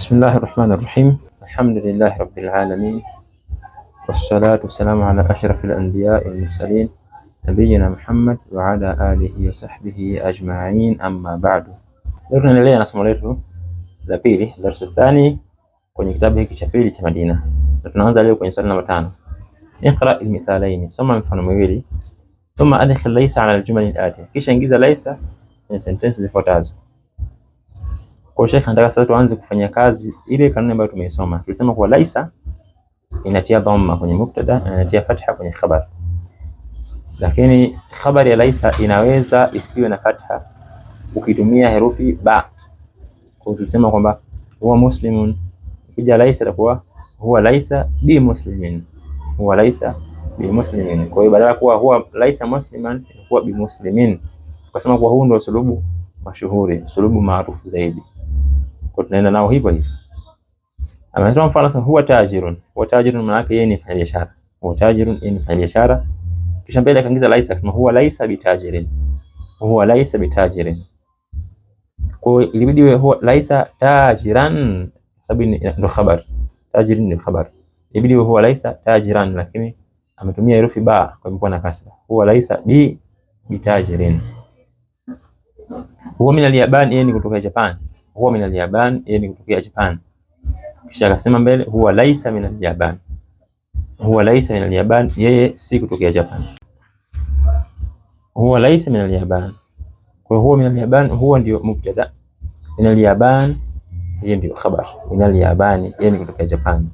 بسم الله الرحمن الرحيم الحمد لله رب العالمين والصلاة والسلام على أشرف الأنبياء والمرسلين نبينا محمد وعلى آله وصحبه أجمعين أما بعد درنا لليا نسمع ليتو لبيلي درس الثاني كون كتاب هيك تمدينة درنا نزل لكم إنسان نمر اقرأ المثالين ثم من مويلي ثم أدخل ليس على الجمل الآتية كيش انجز ليس من سنتنس الفوتازو Kwa hiyo shekhi anataka sasa tuanze kufanya kazi ile kanuni ambayo tumeisoma. Tulisema kwa laisa inatia dhamma kwenye mubtada na inatia fatha kwenye khabar. Lakini khabar ya laisa inaweza isiwe na fatha ukitumia herufi ba. Kwa hiyo tulisema kwamba huwa muslimun kija laisa itakuwa huwa laisa bi muslimin. Huwa laisa bi muslimin. Kwa hiyo badala kuwa huwa laisa musliman huwa bi muslimin. Tukasema sababu kwa huu ndio sulubu mashuhuri, sulubu maarufu zaidi kwa tunaenda nao hivyo hivyo. Ametoa mfano sasa, huwa tajirun, huwa tajirun maana yake yeye ni mfanya biashara, huwa tajirun yeye ni mfanya biashara. Kisha mbele akaingiza laisa, akasema huwa laisa bitajirin, huwa laisa bitajirin. Kwa hiyo ilibidi wewe huwa laisa tajiran, sababu ndo khabar, tajirin ni khabar, ilibidi huwa laisa tajiran, lakini ametumia herufi ba kwa hivyo na kasra, huwa laisa bi bitajirin. Huwa min al-Yaban, yeye ni kutoka Japan huwa min al-Yaban, yeye ni kutokea Japan. Kisha akasema mbele, huwa laisa min al-Yaban, huwa laisa min al-Yaban, yeye si kutokea Japan. Huwa laisa min al-Yaban, kwa hiyo huwa min al-Yaban, huwa ndio mubtada, min al-Yaban, yeye ndio khabar, min alyabani, yeye ni kutokea Japan.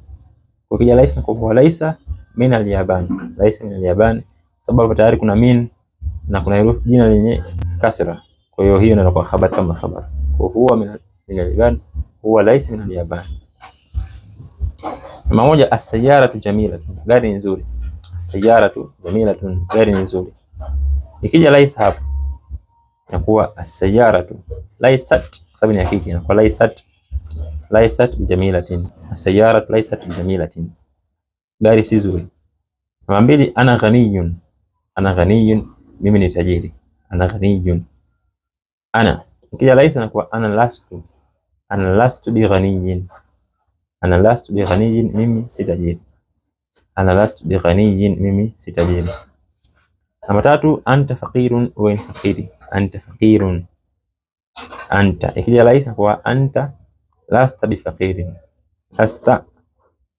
Kwa kija laisa na kwa huwa laisa min al-Yaban, laisa min al-Yaban, sababu tayari kuna min na kuna herufi jina lenye kasra, kwa hiyo hiyo ndio kwa khabar kama khabar kwa huwa min Galiban huwa laisa min al-yaban. Namba moja, as asayaratu jamilatun, gari nzuri. as Asayaratu jamilatun, gari nzuri. Ikija laisa hapa inakuwa asayaratu kwa sababu ni hakika, inakuwa laisat laisat bijamilatin. Asayaratu laisat bijamilatin, gari si nzuri. Namba mbili, ana ghaniyun, ana ghaniyun, mimi ni tajiri. Ana ghaniyun, ana ikija laisa inakuwa ana lastu ana lastu bi ghaniyin, ana lastu bi ghaniyin, mimi si tajiri. Ana lastu bi ghaniyin, mimi si tajiri. Namba tatu, anta faqirun wa in faqiri, anta faqirun. Anta ikija laisa kwa anta, lasta bi faqirin, lasta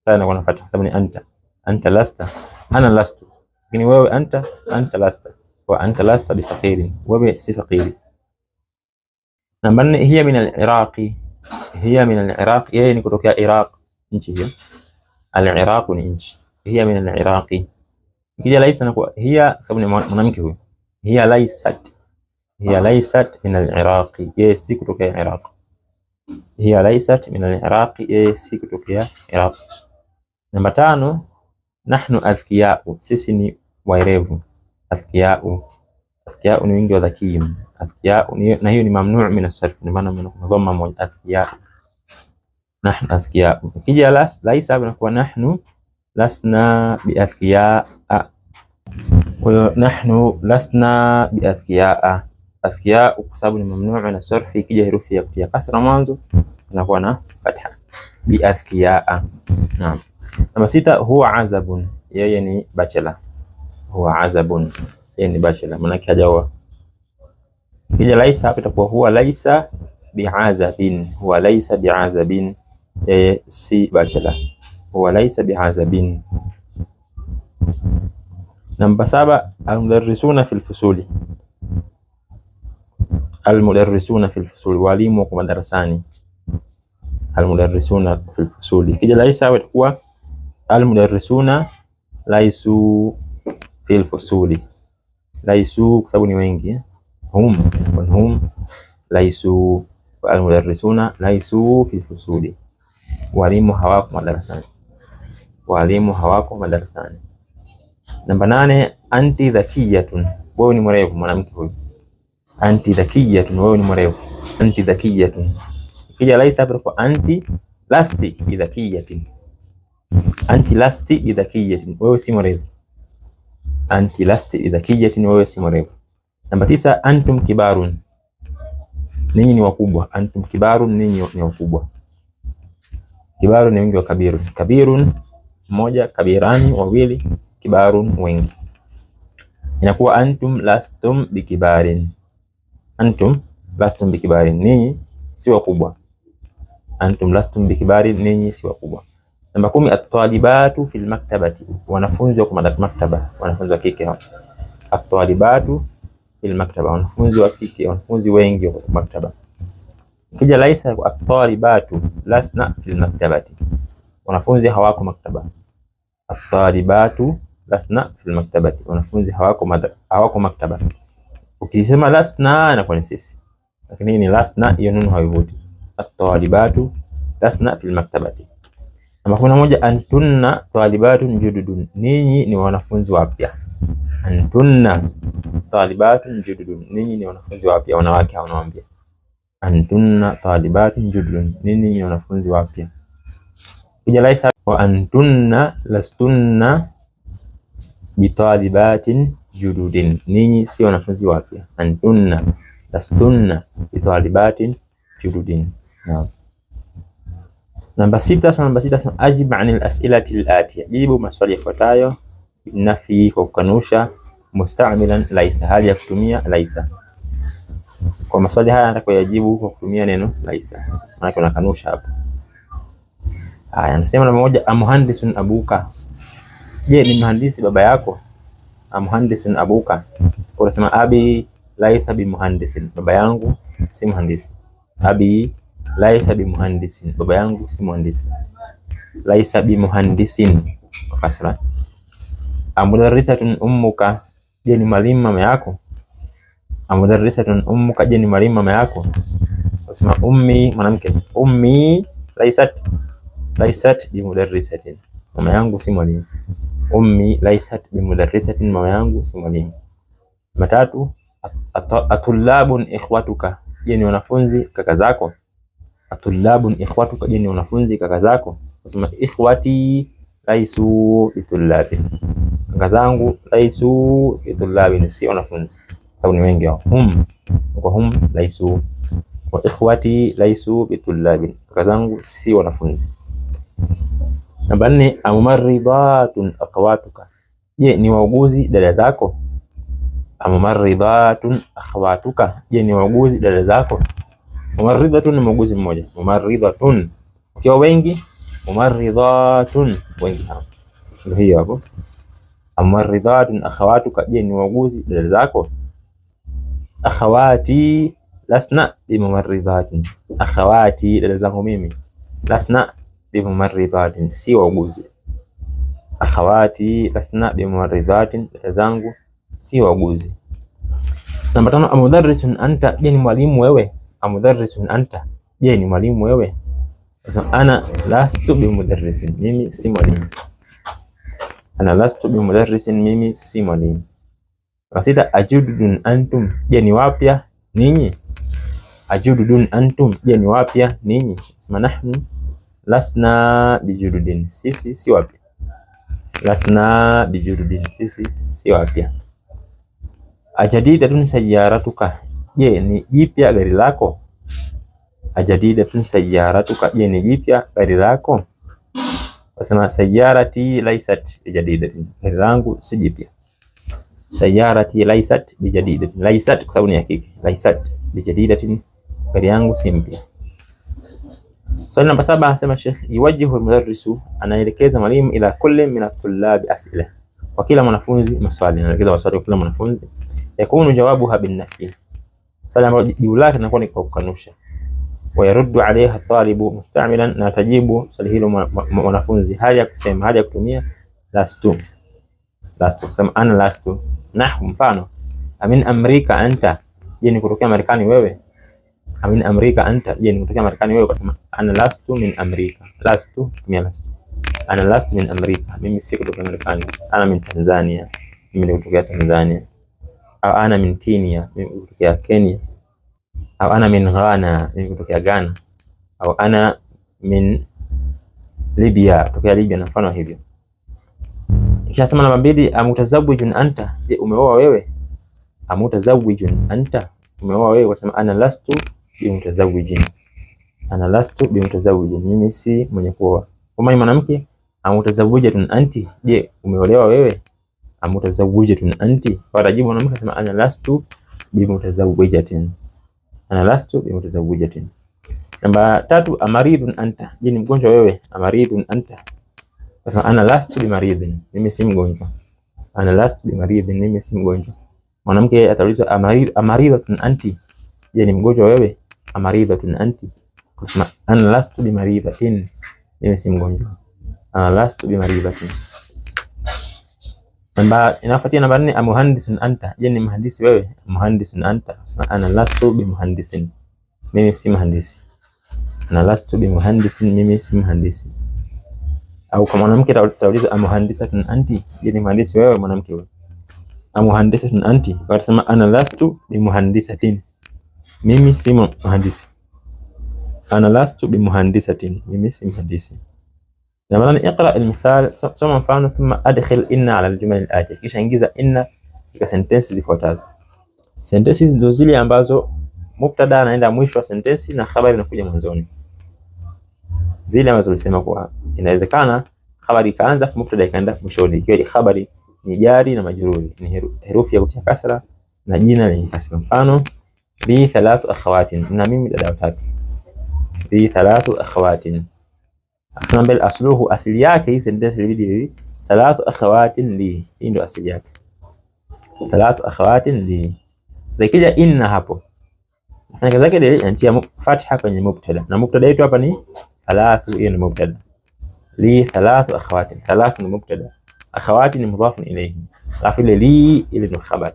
sana kwa nafata, sababu ni anta, anta lasta, ana lastu, lakini wewe anta, anta lasta wa anta lasta bi faqirin, wewe si faqiri. Namba nne, hiya min al-iraqi hiya min al-Iraq, yeye ni kutokea Iraq, nchi hiyo. Al-Iraq ni nchi. Hiya min al iraq Kija laisa na kwa hiya, sababu ni mwanamke huyo. Hiya laisat, hiya laisat min al iraq yeye si kutokea Iraq. Hiya laisat min al iraq yeye si kutokea Iraq. Namba tano, nahnu adhkiyau, sisi ni waerevu. Adhkiyau, adhkiyau ni wingi wa dhakiim athkiya, na hiyo ni mamnuu min asarf, ni maana mna madhamma moja athkiya, nahnu athkiya. Kija las laisa inakuwa nahnu lasna bi biathkiya, kwa hiyo nahnu lasna bi biathkiya. Athkiya kwa sababu ni mamnuu min asarf, Kija herufi ya kutia kasra mwanzo inakuwa na fatha bi biathkiya. Naam, namba sita, huwa azabun, yeye ni bachelor. Huwa azabun, yeye ni bachelor, maana hajaoa Kija laisa hapa itakuwa huwa laisa bi'azabin, huwa laisa bi'azabin, yeye si bachelor, huwa laisa bi'azabin. Namba saba, almudarrisuna fil fusuli, almudarrisuna fil fusuli, walimu kwa madarasani. Almudarrisuna fil fusuli, kija laisa hapa itakuwa almudarrisuna laisu fil fusuli, laisu kwa sababu ni wengi eh hum hum laisu almudarrisuna laisu fi fusuli, walimu hawako madarasani, walimu hawako madarasani. Namba nane, anti dhakiyatun, wewe ni mwerevu. Mwanamke huyu anti dhakiyatun, wewe ni mwerevu. Anti dhakiyatun ikija laisa hapo kwa anti lasti bidhakiyatin, anti lasti bidhakiyatin, wewe si mwerevu. Anti lasti bidhakiyatin, wewe si mwerevu. Namba tisa, antum kibarun, ninyi ni wakubwa. Antum kibarun, ninyi ni wakubwa. Kibarun ni wingi wa kabirun. Kabirun mmoja, kabirani wawili, kibarun wengi. Inakuwa antum lastum bikibarin, antum lastum bikibarin, ninyi si wakubwa. Antum lastum bikibarin, ninyi si wakubwa. Namba kumi, at-talibatu fil maktabati, wanafunzi wa maktaba, wanafunzi wa kike. At-talibatu fil maktaba, wanafunzi wa kike, wanafunzi wengi wa maktaba. Kija laisa at-talibatu lasna fil maktabati, wanafunzi hawako maktaba. At-talibatu lasna fil maktabati, wanafunzi hawako hawako maktaba. Ukisema lasna inakuwa ni sisi, lakini ni lasna, hiyo neno haivuti. At-talibatu lasna fil maktabati. Namba kumi na moja antunna talibatun jududun, ninyi ni wanafunzi wapya antunna talibatun jududun, ninyi ni wanafunzi wapya. Wanawake wanawaambia antunna talibatun jududun, ninyi ni wanafunzi wapya. Kuja laisa wa antunna lastunna bitalibatin jududin, ninyi si wanafunzi wapya. Antunna lastunna bitalibatin jududin. Naam. Namba sita, namba sita, ajib anil as'ilati al-atiya, jibu maswali yafuatayo nafi kwa kukanusha, mustamilan laisa, hali ya kutumia laisa. Kwa maswali haya nataka kuyajibu kwa kutumia neno laisa, maana unakanusha hapo. Haya, anasema namba moja, amuhandisun abuka, je, ni mhandisi baba yako? Amuhandisun abuka, unasema abi laisa bimuhandisin, baba yangu si mhandisi. Abi laisa bimuhandisin, baba yangu si mhandisi. Laisa bimuhandisin kwa kasra Amudarrisatun ummuka, je ni mwalimu mama yako? Amudarrisatun ummuka, je ni mwalimu mama yako? Unasema ummi, mwanamke. Ummi laisat, laisat bi mudarrisatin, mama yangu si mwalimu. Ummi laisat bi mudarrisatin, mama yangu si mwalimu. Matatu, atullabun ikhwatuka, je ni wanafunzi kaka zako? Atullabun ikhwatuka, je ni wanafunzi kaka zako? Unasema ikhwati laisu bitullabin kaka zangu laisu ni si wanafunzi sababu ni wengi wao, hum kwa hum laisu wa ikhwati laisu bitulabi, kaka zangu si wanafunzi. Namba nne, amumarridatun akhawatuka, je ni wauguzi dada zako? Amumarridatun akhawatuka, je ni wauguzi dada zako? Mumarridatun ni muuguzi mmoja, mumarridatun ukiwa wengi, mumarridatun wengi hapo, ndio hiyo hapo na akhawatuka, je ni wauguzi dada zako? Akhawati lasna bimumaridhatin, akhawati dada zangu mimi, lasna bimumaridhatin, si wauguzi. Akhawati lasna bimumaridhatin, dada zangu si wauguzi. Namba tano, amudarrisun anta, je ni mwalimu wewe? Amudarrisun anta, je ni mwalimu wewe? Ana lastu bimudarrisin, mimi si mwalimu ana lastu bi mudarrisin, mimi si mwalimu. Sita, ajududun antum, je ni wapya ninyi? Ajududun antum, je ni wapya ninyi? Sema nahnu lasna bijududin, sisi si wapya. Lasna bijududin, sisi si wapya. Ajadidatun sayaratuka, je ni jipya gari lako? Ajadidatun sayaratuka, je ni jipya gari lako? Wasema sayarati laisat bijadidatin, gari langu si jipya. Sayarati laisat bijadidatin, laisat kwa sababu ni hakiki. Laisat bijadidatin, gari yangu si mpya. Swali so, namba saba asema Sheikh, yuwajihu almudarrisu, anaelekeza mwalimu ila kulli min atullabi asila, kwa kila mwanafunzi maswali. Anaelekeza maswali kwa kila mwanafunzi. Yakunu jawabu habin nafyi, swali ambalo jibu lake linakuwa ni kwa kukanusha wayaruddu alayha talibu mustamilan, na atajibu swali hilo mwanafunzi hali ya kusema hali ya kutumia lastu lastu, sema ana lastu. Nahu, mfano amin amrika anta, je ni kutokea Marekani wewe? Amin amrika anta, je ni kutokea Marekani wewe? Ukasema ana lastu min amrika, lastu tumia lastu, ana lastu min amrika, mimi si kutokea Marekani. Ana min Tanzania, mimi ni kutokea Tanzania. Au ana min Kenya, mimi Kenya au ana min Ghana, mimi kutokea Ghana, au ana min Libya, kutokea Libya na mfano hivyo. Kisha sema namba mbili, amutazawijun anta, je, umeoa wewe? Amutazawijun anta, umeoa wewe? Utasema ana lastu bimutazawijin, ana lastu bimutazawijin, mimi si mwenye kuoa. Kama ni mwanamke, amutazawijatun anti, je, umeolewa wewe? Amutazawijatun anti, kwa rajibu mwanamke, anasema ana lastu bimutazawijatin ana lastu bimutazawijatin. Namba tatu, amaridhun anta, je ni mgonjwa wewe? Amaridhun anta, sasa ana lastu bimaridhin, mimi si mgonjwa. Ana lastu bimaridhin, mimi si mgonjwa. Mwanamke ataulizwa amaridhatun anti, je ni mgonjwa wewe? Amaridhatun anti, ana lastu bimaridhatin, mimi si mgonjwa. Ana lastu bimaridhatin Namba inafuatia namba nne, amuhandisun anta, je ni mhandisi wewe? Muhandisun anta, sema ana lastu bi muhandisin, mimi si mhandisi. Ana lastu bi muhandisin, mimi si mhandisi. Au kwa mwanamke tauliza amuhandisatun anti, je ni mhandisi wewe mwanamke wewe? Amuhandisatun anti, watasema ana lastu bi muhandisatin, mimi si mhandisi. Ana lastu bi muhandisatin, mimi si mhandisi. لما اقرا المثال سوف مفعول ثم ادخل ان على الجمل الاتيه kisha ingiza in katika sentensi zifuatazo sentensi ndio zile ambazo mubtada anaenda mwisho wa sentensi na khabari inakuja mwanzoni zile ambazo tulisema kwa inawezekana khabari ikaanza afu mubtada ikaenda mwishoni ikiwa ile khabari ni jari na majruri ni herufi ya kutia kasra na jina lenye kasra mfano li thalathu akhawatin na mimi dada watatu li thalathu akhawatin Akasema asluhu, asili yake hii sentensi ilibidi hivi, thalathu akhawatin li. Hii ndio asili yake, thalathu akhawatin li. Zikija inna hapo nafanya zake ile anatia fatha kwenye mubtada, na mubtada yetu hapa ni thalathu. Hiyo ni mubtada li, thalathu akhawatin. Thalathu ni mubtada, akhawati ni mudhafun ilayhi, alafu ile li ile ni khabar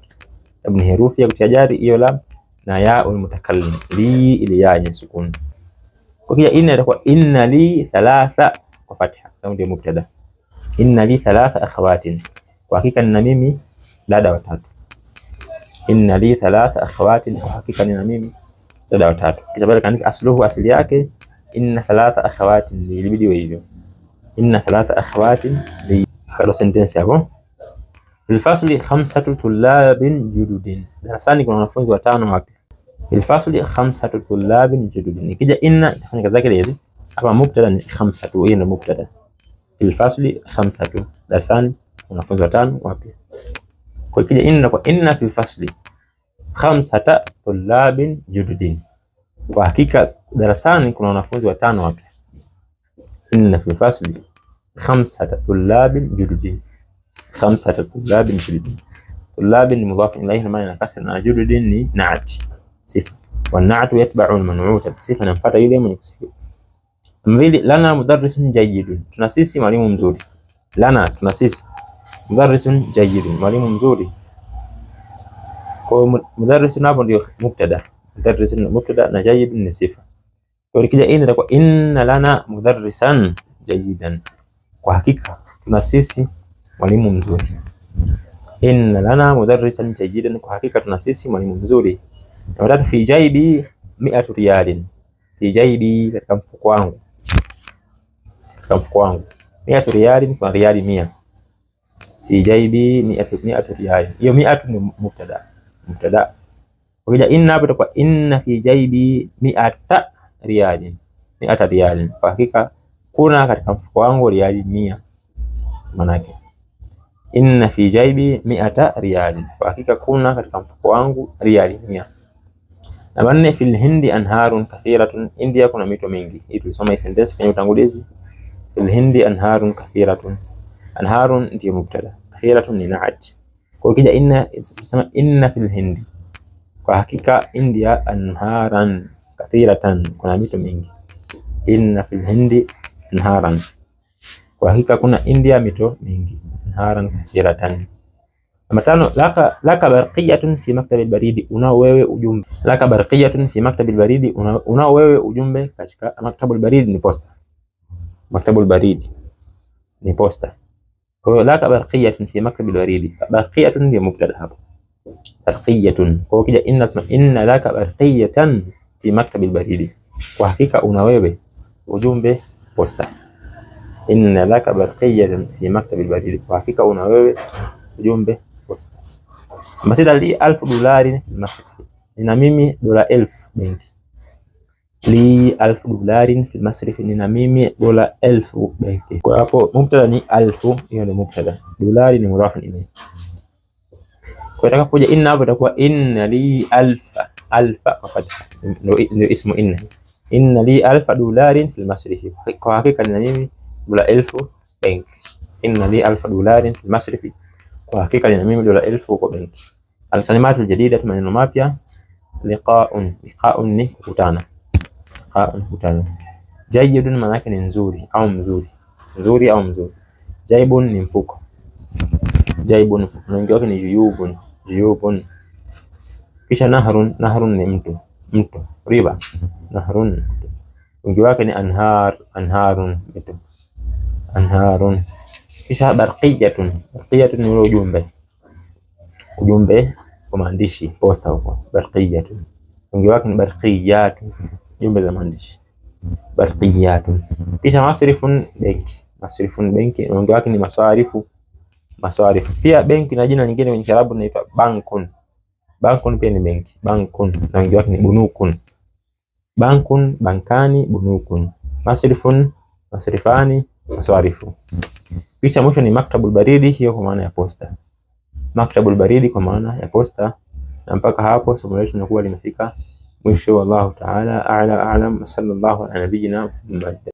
ibn herufi ya kutia jari hiyo lam na ya ul mutakallim li ile ya yenye sukuni وهي إن تكون إن لي ثلاثة وفتحة سامد مبتدا إن لي ثلاثة أخوات وحقيقة النميمي لا دوتات إن لي ثلاثة أخوات وحقيقة النميمي لا دوتات كذا بدك عندك أصله وأصلياك إن ثلاثة أخوات لي البديو يجو إن ثلاثة أخوات لي خلاص سنتنسي أبو في الفصل خمسة طلاب جدد درسان يكون نفوز وتعانوا وقت ilfasli khamsatu tulabin jadudin. Ikija inna itafanya kazi yake hivi. Hapa mubtada ni khamsa tu, hiyo ndio mubtada. Alfasli khamsa Darasani wanafunzi watano wapi? Kwa ikija inna kwa inna fil fasli khamsata tullabin jadudin. Kwa hakika darasani kuna wanafunzi watano wapi? Inna fil fasli khamsata tullabin jadudin. Khamsata tullabin jadudin. Tullabin ni mudhaf ilayhi maana kasra na jadudin ni naati sifa wanatu yatba'u almanuuta sifa, namfuata yule mwenye kusifiwa. Mbili, lana mudarrisun jayyidun, tuna sisi mwalimu mzuri. Lana, tuna sisi mudarrisun jayyidun, mwalimu mzuri. Kwa mudarrisun hapo ndio mubtada, mudarrisun mubtada na jayyidun ni sifa. Kwa hiyo kija ina kwa inna lana mudarrisan jayyidan, kwa hakika tuna sisi mwalimu mzuri. Inna lana mudarrisan jayyidan, kwa hakika tuna sisi mwalimu mzuri watatu fi jaibi miatu riyalin, fi jaibi katika mfuko wangu, katika mfuko wangu miatu riyalin, kwa riyali mia. Fi jaibi miatu, miatu riyalin, hiyo miatu ni mubtada, mubtada. Ukija inna hapo itakuwa inna fi jaibi miata riyalin, miata riyalin, kwa hakika kuna katika mfuko wangu riyali mia, maana inna fi jaibi miata riyalin, kwa hakika kuna katika mfuko wangu riyali mia. Namba nne, fil hindi anharun kathiratun, India kuna mito mingi. Hii tulisoma hii sentence kwenye utangulizi. Fil hindi anharun kathiratun, anharun ndio mubtada, kathiratun ni naat. Kwa kija inna tunasema inna fil hindi, kwa hakika India anharan kathiratan, kuna mito mingi. Inna fil hindi anharan, kwa hakika kuna India mito mingi. Anharan kathiratan Namba tano, laka, laka barqiyatun fi maktabil baridi, unao wewe ujumbe. Laka barqiyatun fi maktabil baridi, unao wewe ujumbe katika maktabul baridi ni posta. Maktabul baridi ni posta. Kwa hiyo laka barqiyatun fi maktabil baridi, barqiyatun ni mubtada hapo. Barqiyatun. Kwa hiyo kija inna sma inna laka barqiyatan fi maktabil baridi. Kwa hakika una wewe ujumbe posta. Inna laka barqiyatan fi maktabil baridi. Kwa hakika una wewe ujumbe Masida li alfu dolari ni na mimi dola elfu benki. Li alfu dolari ni na mimi dola elfu benki. Kwa hapo mubtada ni alfu, hiyo ni mubtada. Dolari ni mudhafu ilayhi. Kwa itakapokuja inna hapo itakuwa inna li alfa, alfa kwa fatha ndio ismu inna. Inna li alfa dolari filmasrifi, kwa hakika ni na mimi dola elfu benki. Inna li alfa dolari filmasrifi kwa hakika ni mimi dola elfu huko benki. Alkalimatul jadida, maneno mapya. Liqaun, liqaun ni kukutana. Liqaun kukutana. Jayyidun maana yake ni nzuri au mzuri. Nzuri au mzuri. Jaybun ni mfuko. Jaybun mfuko. Na wengine wake ni juyubun, juyubun. Kisha nahrun, nahrun ni mto, mto. Riba, nahrun. Wengine wake ni anhar, anharun, mito. Anharun. Kisha barqiyatun, barqiyatun ni ujumbe, ujumbe kwa maandishi posta huko, barqiyatun. Wengi wake ni barqiyatun, jumbe za maandishi barqiyatun. Kisha masrifun, benki, masrifun benki, wengi wake ni maswarifu, maswarifu. Pia benki na jina lingine kwenye Kiarabu linaitwa bankun, bankun pia ni benki, bankun, na wengi wake ni bunukun, bankun, bankani, bunukun. Masrifun, masrifani, maswarifu picha mwisho ni maktabul baridi, hiyo kwa maana ya posta. Maktabul baridi kwa maana ya posta. Na mpaka hapo somo letu linakuwa limefika mwisho. Wallahu taala a'la a'lam, sallallahu ala nabiyyina Muhammad.